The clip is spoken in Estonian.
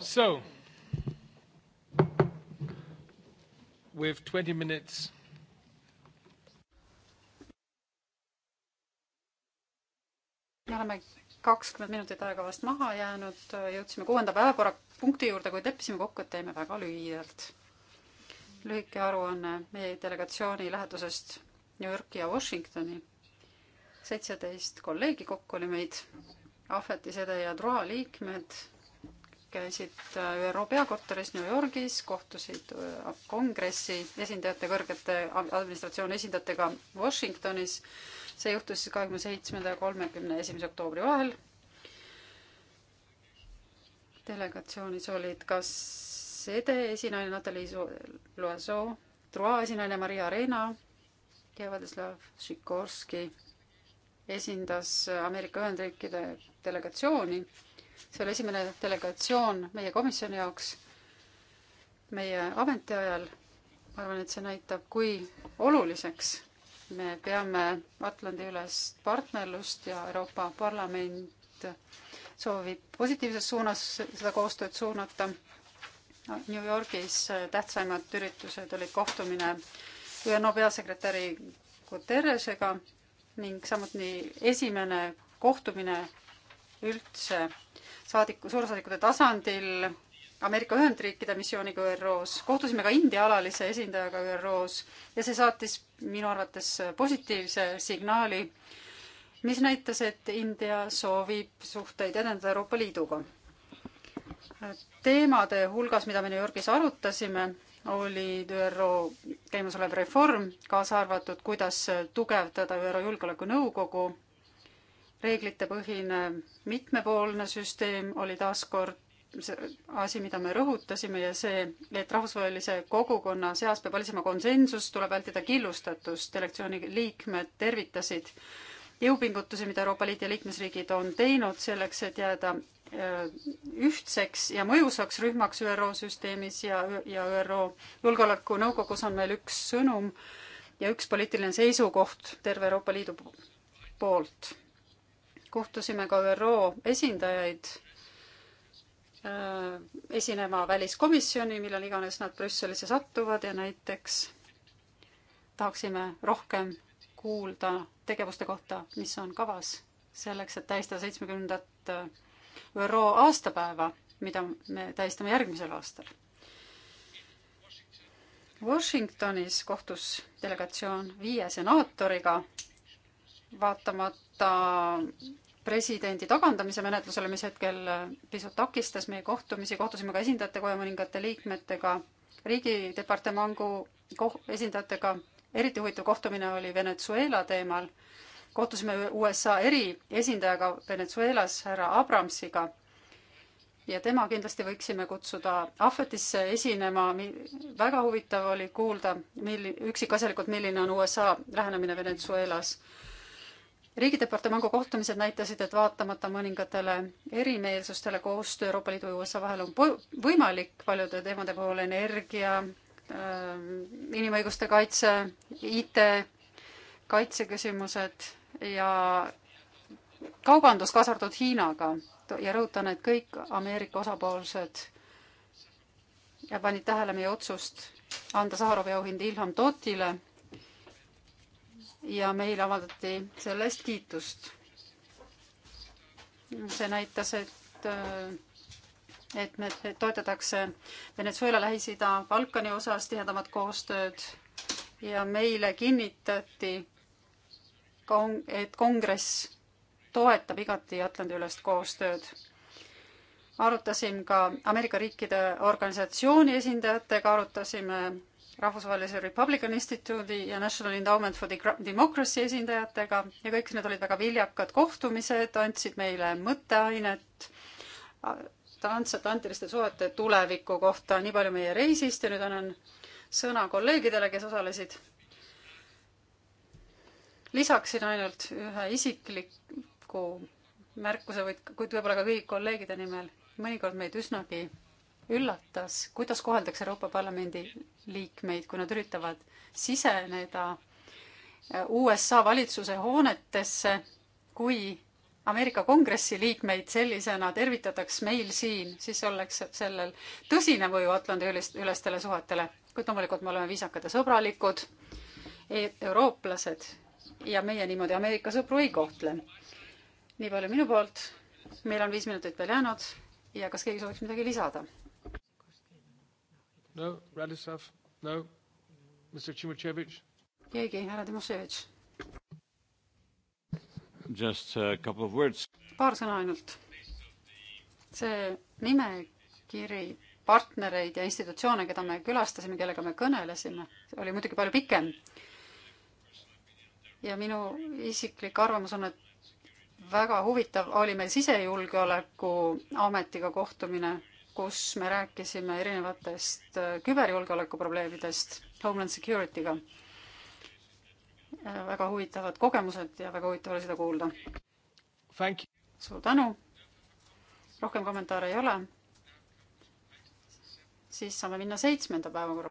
So, we have 20 minutes. me oleme kakskümmend minutit aega vast maha jäänud, jõudsime kuuenda päevakorrapunkti juurde, kuid leppisime kokku, et teeme väga lühidalt. lühike aruanne meie delegatsiooni lähetusest New Yorki ja Washingtoni. seitseteist kolleegi kokku oli meid, ahvetisedeja ja troa liikmed käisid äh, ÜRO peakorteris New Yorgis, kohtusid äh, kongressi esindajate, kõrgete administratsiooni esindajatega Washingtonis. see juhtus siis kahekümne seitsmenda ja kolmekümne esimese oktoobri vahel. delegatsioonis olid ka Sede esinaine Natalii Loiseau, Trois esinaine Maria Arena, Kevadislav Šikorski esindas äh, Ameerika Ühendriikide delegatsiooni see oli esimene delegatsioon meie komisjoni jaoks meie ametiajal. ma arvan, et see näitab, kui oluliseks me peame Atlandi-ülest partnerlust ja Euroopa Parlament soovib positiivses suunas seda koostööd suunata. New Yorgis tähtsaimad üritused olid kohtumine ÜRO peasekretäri Guterresega ning samuti esimene kohtumine üldse saadiku, suursaadikute tasandil Ameerika Ühendriikide missiooniga ÜRO-s, kohtusime ka India alalise esindajaga ÜRO-s ja see saatis minu arvates positiivse signaali, mis näitas, et India soovib suhteid edendada Euroopa Liiduga. teemade hulgas, mida me New Yorgis arutasime, oli ÜRO käimasolev reform, kaasa arvatud, kuidas tugevdada ÜRO Julgeolekunõukogu reeglitepõhine mitmepoolne süsteem oli taaskord asi, mida me rõhutasime ja see, et rahvusvahelise kogukonna seas peab valitsema konsensus, tuleb vältida killustatust. delegatsiooni liikmed tervitasid jõupingutusi, mida Euroopa Liidu liikmesriigid on teinud selleks, et jääda äh, ühtseks ja mõjusaks rühmaks ÜRO süsteemis ja, ja ÜRO Julgeolekunõukogus on meil üks sõnum ja üks poliitiline seisukoht terve Euroopa Liidu poolt kohtusime ka ÜRO esindajaid äh, esinema väliskomisjoni, millal iganes nad Brüsselisse satuvad ja näiteks tahaksime rohkem kuulda tegevuste kohta, mis on kavas selleks, et tähistada seitsmekümnendat äh, ÜRO aastapäeva, mida me tähistame järgmisel aastal. Washingtonis kohtus delegatsioon viie senaatoriga vaatamata presidendi tagandamise menetlusele, mis hetkel pisut takistas meie kohtumisi, kohtusime ka esindajatekoja mõningate liikmetega, riigidepartemangu koh-, esindajatega, eriti huvitav kohtumine oli Venezuela teemal, kohtusime USA eriesindajaga Venezuelas, härra Abramsiga ja tema kindlasti võiksime kutsuda ahvetisse esinema. väga huvitav oli kuulda, milli-, üksikasjalikult, milline on USA lähenemine Venezuelas riigidepartemangu kohtumised näitasid, et vaatamata mõningatele erimeelsustele koostöö Euroopa Liidu ja USA vahel on võimalik paljude teemade puhul energia, ähm, inimõiguste kaitse, IT, kaitseküsimused ja kaubandus, kaasa arvatud Hiinaga ja rõhutan, et kõik Ameerika osapoolsed ja panid tähele meie otsust anda Saharovi auhind Ilham Totile ja meile avaldati selle eest kiitust. see näitas, et, äh, et me toetatakse Venezuela, Lähis-Ida, Balkani osas tihedamat koostööd ja meile kinnitati, et kongress toetab igati Atlandi-ülest koostööd arutasin ka Ameerika riikide organisatsiooni esindajatega, arutasime rahvusvahelise Republican Instituudi ja National Endowment for Democracy esindajatega ja kõik need olid väga viljakad kohtumised, andsid meile mõtteainet äh, transatlantiliste suhete tuleviku kohta, nii palju meie reisist ja nüüd annan sõna kolleegidele, kes osalesid. lisaksin ainult ühe isikliku märkuse, kuid võib-olla ka kõigi kolleegide nimel, mõnikord meid üsnagi üllatas, kuidas koheldakse Euroopa Parlamendi liikmeid, kui nad üritavad siseneda äh, USA valitsuse hoonetesse, kui Ameerika Kongressi liikmeid sellisena tervitataks meil siin, siis oleks sellel tõsine mõju Atlandi ülest, ülestele suhetele. kuid loomulikult me oleme viisakad ja sõbralikud e, eurooplased ja meie niimoodi Ameerika sõpru ei kohtle. nii palju minu poolt. meil on viis minutit veel jäänud ja kas keegi sooviks midagi lisada? no, Radislav no? Mr. Chimochevich? keegi, härra Timoševitš? Just a couple of words. paar sõna ainult. see nimekiri partnereid ja institutsioone, keda me külastasime, kellega me kõnelesime, oli muidugi palju pikem. ja minu isiklik arvamus on, et väga huvitav oli meil sisejulgeoleku ametiga kohtumine kus me rääkisime erinevatest äh, küberjulgeoleku probleemidest Homeland Security'ga. Äh, väga huvitavad kogemused ja väga huvitav oli seda kuulda. suur tänu. rohkem kommentaare ei ole. siis saame minna seitsmenda päevakorra.